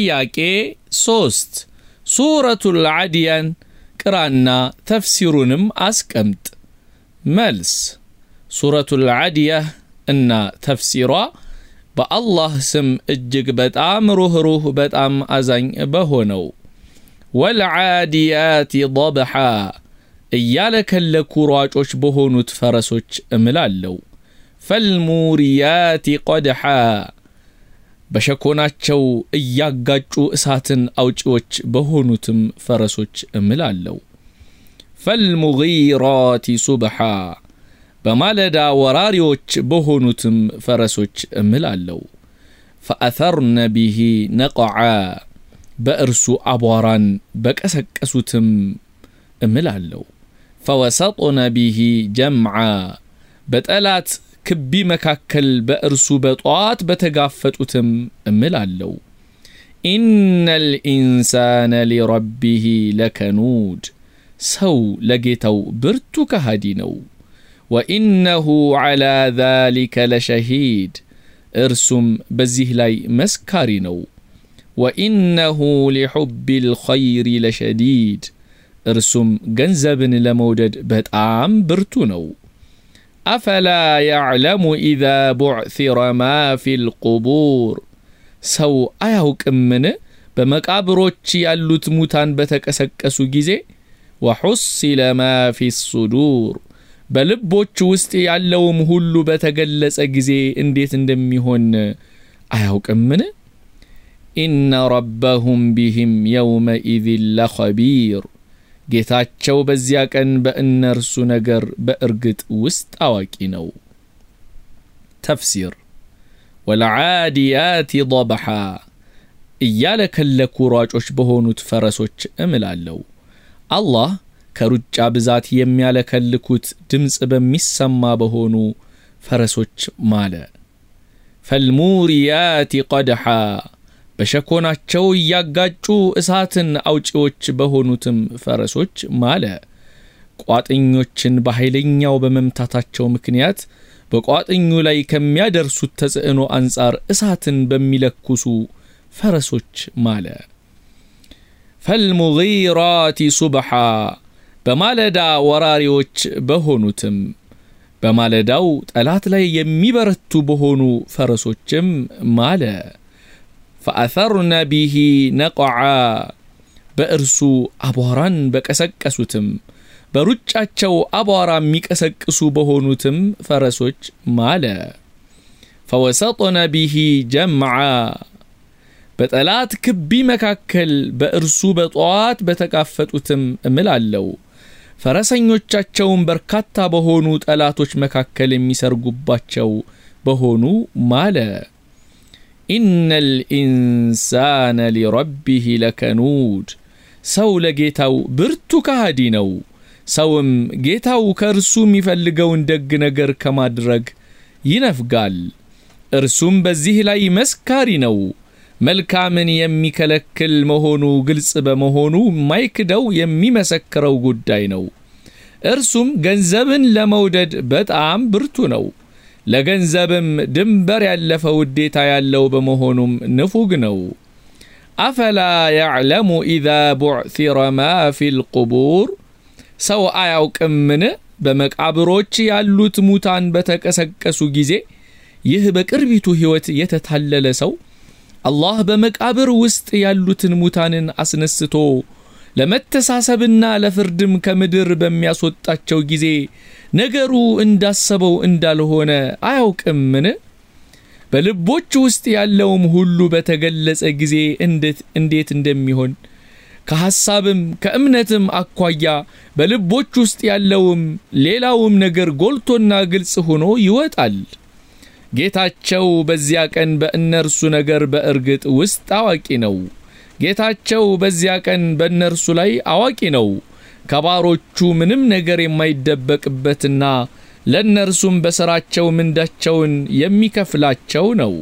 ጥያቄ 3 ሱረቱል አድያን ቅራና ተፍሲሩንም አስቀምጥ። መልስ ሱረቱል አድያህ እና ተፍሲሯ በአላህ ስም እጅግ በጣም ሩኅሩህ በጣም አዛኝ በሆነው ወልዓዲያት ضبحا እያለከለኩ ሯጮች በሆኑት ፈረሶች እምላለው ፈልሙሪያት ቀድሓ በሸኮናቸው እያጋጩ እሳትን አውጪዎች በሆኑትም ፈረሶች እምላለሁ። ፈልሙጊራት ሱብሓ በማለዳ ወራሪዎች በሆኑትም ፈረሶች እምላለሁ። ፈአተርነ ቢሂ ነቆዓ በእርሱ አቧራን በቀሰቀሱትም እምላለሁ። ፈወሰጡነ ቢሂ ጀምዓ በጠላት ክቢ መካከል በእርሱ በጠዋት በተጋፈጡትም أتم ملالو إن الإنسان لربه لكنود سو لقيتو برتو كهدينو وإنه على ذلك لشهيد إرسم بزهلاي مسكارينو وإنه لحب الخير لشديد إرسم جنزبن لمودد بهت عام برتونو افلا يعلم اذا بعثر ما في القبور ሰው አያውቅምን በመቃብሮች ያሉት ሙታን በተቀሰቀሱ ጊዜ ወሑሲለ ማ ፊ ሱዱር በልቦች ውስጥ ያለውም ሁሉ በተገለጸ ጊዜ እንዴት እንደሚሆን አያውቅምን ኢነ ረበሁም ቢህም የውመኢዝን ለኸቢር ጌታቸው በዚያ ቀን በእነርሱ ነገር በእርግጥ ውስጥ አዋቂ ነው። ተፍሲር ወለዓዲያት ضبሓ እያለከለኩ ሯጮች በሆኑት ፈረሶች እምላለሁ። አላህ ከሩጫ ብዛት የሚያለከልኩት ድምፅ በሚሰማ በሆኑ ፈረሶች ማለ። ፈልሙሪያት ቀድሓ በሸኮናቸው እያጋጩ እሳትን አውጪዎች በሆኑትም ፈረሶች ማለ። ቋጥኞችን በኃይለኛው በመምታታቸው ምክንያት በቋጥኙ ላይ ከሚያደርሱት ተጽዕኖ አንጻር እሳትን በሚለኩሱ ፈረሶች ማለ። ፈልሙጊራት ሱብሓ በማለዳ ወራሪዎች በሆኑትም በማለዳው ጠላት ላይ የሚበረቱ በሆኑ ፈረሶችም ማለ። ፈአፈርነ ቢሂ ነቆዓ በእርሱ አቧራን በቀሰቀሱትም በሩጫቸው አቧራ የሚቀሰቅሱ በሆኑትም ፈረሶች ማለ። ፈወሰጦነ ቢሂ ጀምዓ በጠላት ክቢ መካከል በእርሱ በጠዋት በተጋፈጡትም አለው። ፈረሰኞቻቸውን በርካታ በሆኑ ጠላቶች መካከል የሚሰርጉባቸው በሆኑ ማለ። ኢነል ኢንሳነ ሊረቢህ ለከኑድ ሰው ለጌታው ብርቱ ካሃዲ ነው። ሰውም ጌታው ከእርሱ የሚፈልገውን ደግ ነገር ከማድረግ ይነፍጋል። እርሱም በዚህ ላይ መስካሪ ነው። መልካምን የሚከለክል መሆኑ ግልጽ በመሆኑ ማይክደው የሚመሰክረው ጉዳይ ነው። እርሱም ገንዘብን ለመውደድ በጣም ብርቱ ነው። ለገንዘብም ድንበር ያለፈ ውዴታ ያለው በመሆኑም ንፉግ ነው። አፈላ ያዕለሙ ኢዛ ቡዕሲረ ማ ፊ ልቁቡር ሰው አያውቅምን በመቃብሮች ያሉት ሙታን በተቀሰቀሱ ጊዜ ይህ በቅርቢቱ ሕይወት የተታለለ ሰው አላህ በመቃብር ውስጥ ያሉትን ሙታንን አስነስቶ ለመተሳሰብና ለፍርድም ከምድር በሚያስወጣቸው ጊዜ ነገሩ እንዳሰበው እንዳልሆነ አያውቅምን? በልቦች ውስጥ ያለውም ሁሉ በተገለጸ ጊዜ እንዴት እንደሚሆን ከሐሳብም ከእምነትም አኳያ በልቦች ውስጥ ያለውም ሌላውም ነገር ጎልቶና ግልጽ ሆኖ ይወጣል። ጌታቸው በዚያ ቀን በእነርሱ ነገር በእርግጥ ውስጥ አዋቂ ነው። ጌታቸው በዚያ ቀን በእነርሱ ላይ አዋቂ ነው፣ ከባሮቹ ምንም ነገር የማይደበቅበትና ለእነርሱም በሥራቸው ምንዳቸውን የሚከፍላቸው ነው።